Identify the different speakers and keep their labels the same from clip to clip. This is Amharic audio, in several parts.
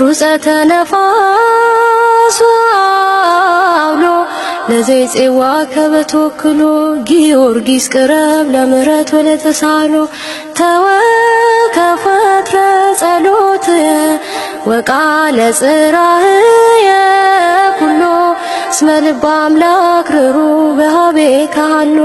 Speaker 1: ሩፀተ ነፋስ አውሎ ለዘይፄዋ ከበተወክሎ ጊዮርጊስ ቅረብ ለምህረት ወለተሳሎ ተወከፈትረ ጸሎትየ ወቃለ ጽራህየ ኩሎ እስመ ልበ አምላክ ርሩ በሃቤ ካሎ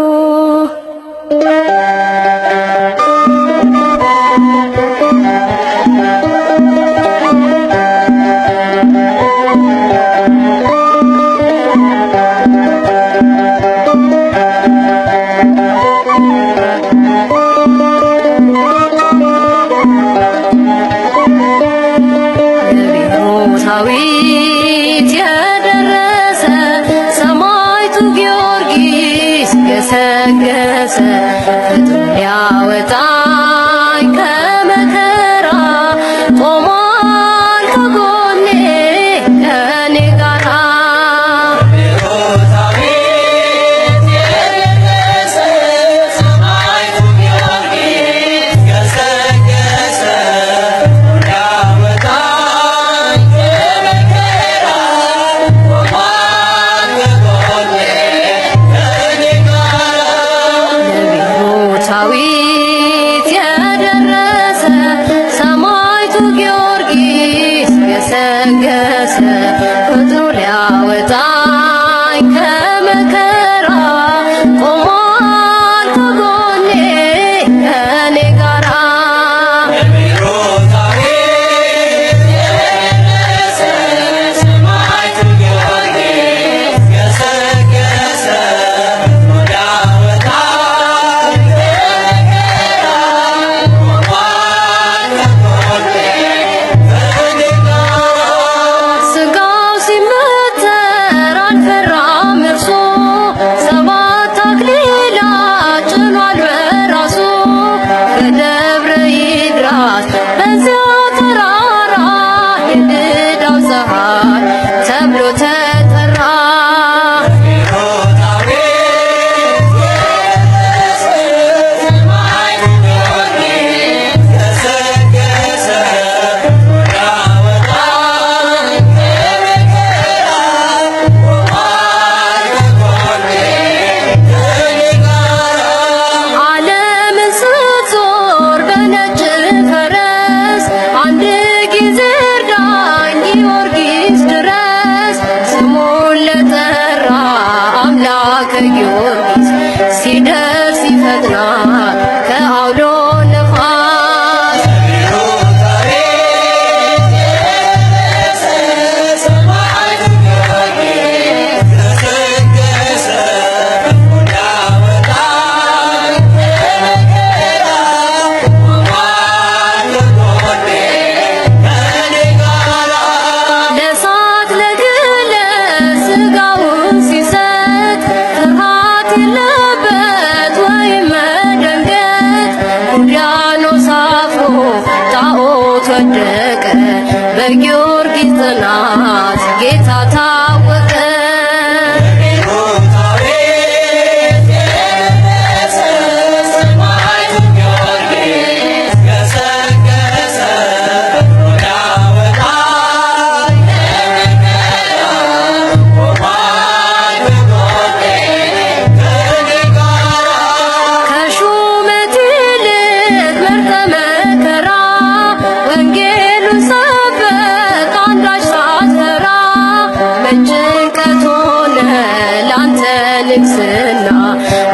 Speaker 1: በልግስና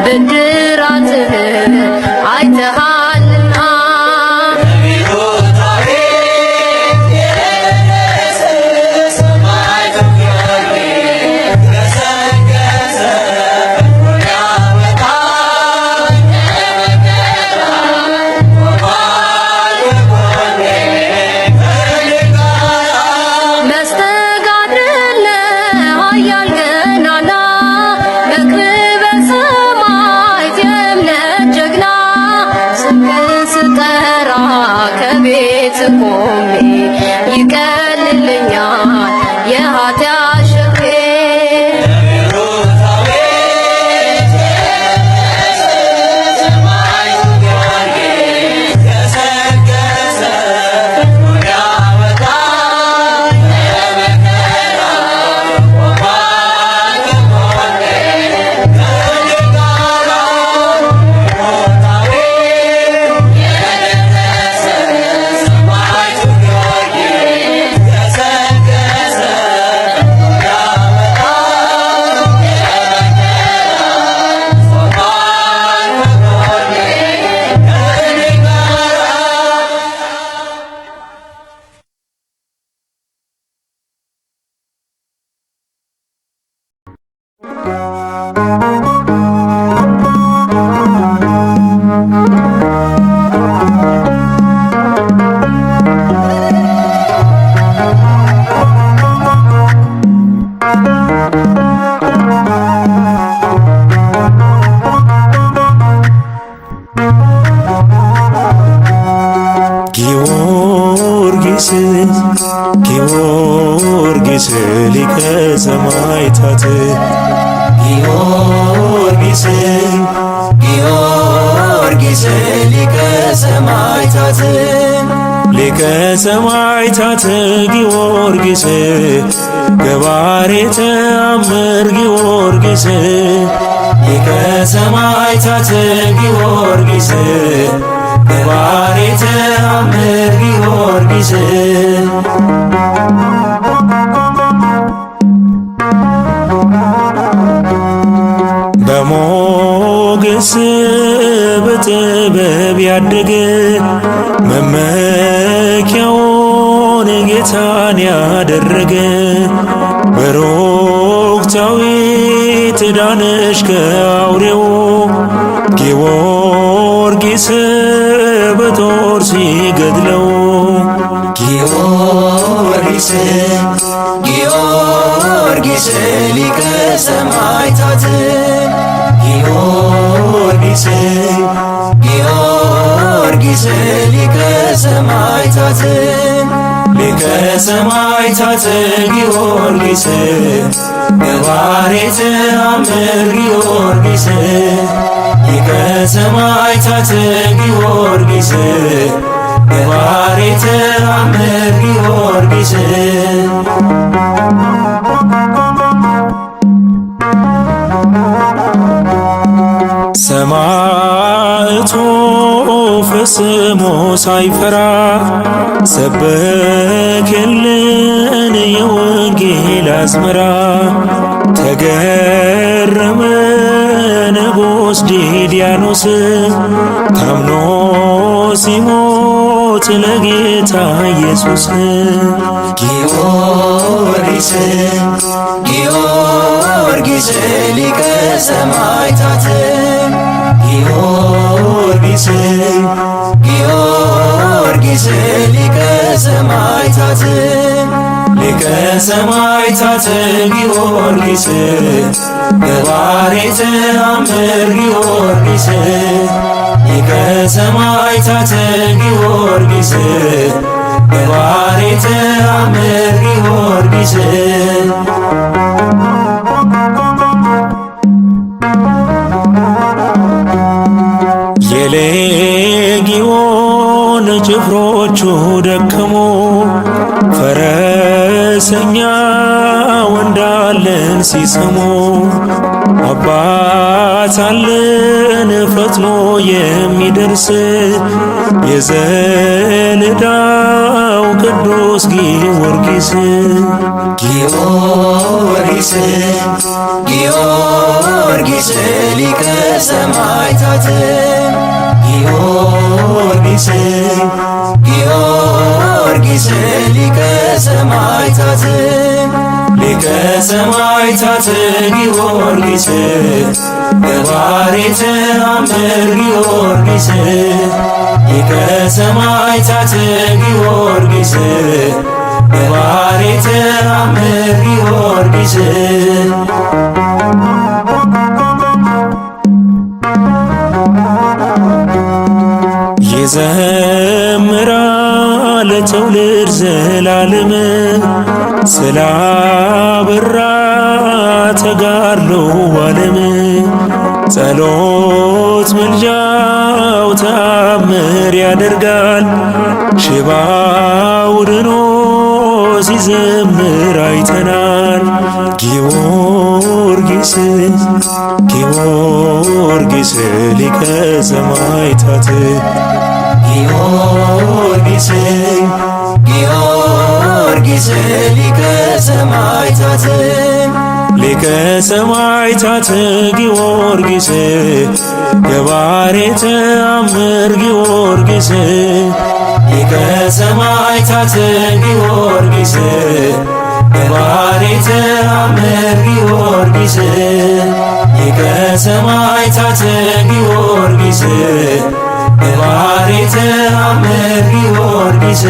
Speaker 1: ብድራትህን
Speaker 2: ዳዊት ሊቀ ሰማዕታት ሊቀ ሰማዕታት ጊዮርጊስ ገባሬ ተአምር ጊዮርጊስ ሊቀ ሰማዕታት ጊዮርጊስ ገባሬ ተአምር ጊዮርጊስ ቢያድግ መመኪያውን ጌታን ያደረገ በሮክታዊ ትዳንሽ ከአውሬው ጊዮርጊስ በጦር ሲገድለው ጊዮርጊስ ጊዮርጊስ ሊቀ ሰማዕታት ጊዮርጊስ ጊዮርጊስ ሊቀ ሰማዕታት ሊቀ ሰማዕታት ጊዮርጊስ ጊዮርጊስ ሊቀ ሰማዕታት ጊዮርጊስ ጊዮርጊስ ሳይፈራ ሰበከልን የወንጌል አዝመራ። ተገረመ ንጉሥ ዲዲያኖስ ታምኖ ሲሞት ለጌታ ኢየሱስ ጊዮርጊስ ጊዮርጊስ ሊቀ ሰማዕታት ጊዮርጊስ ጊዮርጊስ ሊቀ ሰማዕታት ሊቀ ሰማዕታት ጊዮርጊስ ገባሬ ተአምር ጊዮርጊስ ሊቀ ሰማዕታት ጊዮርጊስ ገባሬ ተአምር ጊዮርጊስ እግሮቹ ደክሞ ፈረሰኛ ወንዳለን ሲሰሙ አባታለን ፈጥኖ የሚደርስ የዘንዳው ቅዱስ ጊዮርጊስ ጊዮርጊስ ጊዮርጊስ ሊቀ ሰማዕታት ጊዮርጊስ ጊዮርጊስ ሊቀ ሰማዕታት ሊቀ ሰማዕታት ጊዮርጊስ ገባሬ ተአምር ጊዮርጊስ ሊቀ ሰማዕታት ጊዮርጊስ ገባሬ ተአምር ጊዮርጊስ ይዘምራ ለትውልድ ዘላለም ስላበራ ተጋድሎ ዓለም ጸሎት ምልጃው ተአምር ያደርጋል ሽባው ድኖ ሲዘምር አይተናል። ጊዮርጊስ ጊዮርጊስ ሊቀ ሰማዕታት ጊዮርጊስ ጊዮርጊስ ሊቀ ሰማዕታት ሊቀ ሰማዕታት ጊዮርጊስ ገባሬ ተአምር ጊዮርጊስ ሊቀ ሰማዕታት ጊዮርጊስ ገባሬ ተአምር ጊዮርጊስ ሊቀ ሰማዕታት ጊዮርጊስ ገባሬ ተአምር ጊዮርጊስ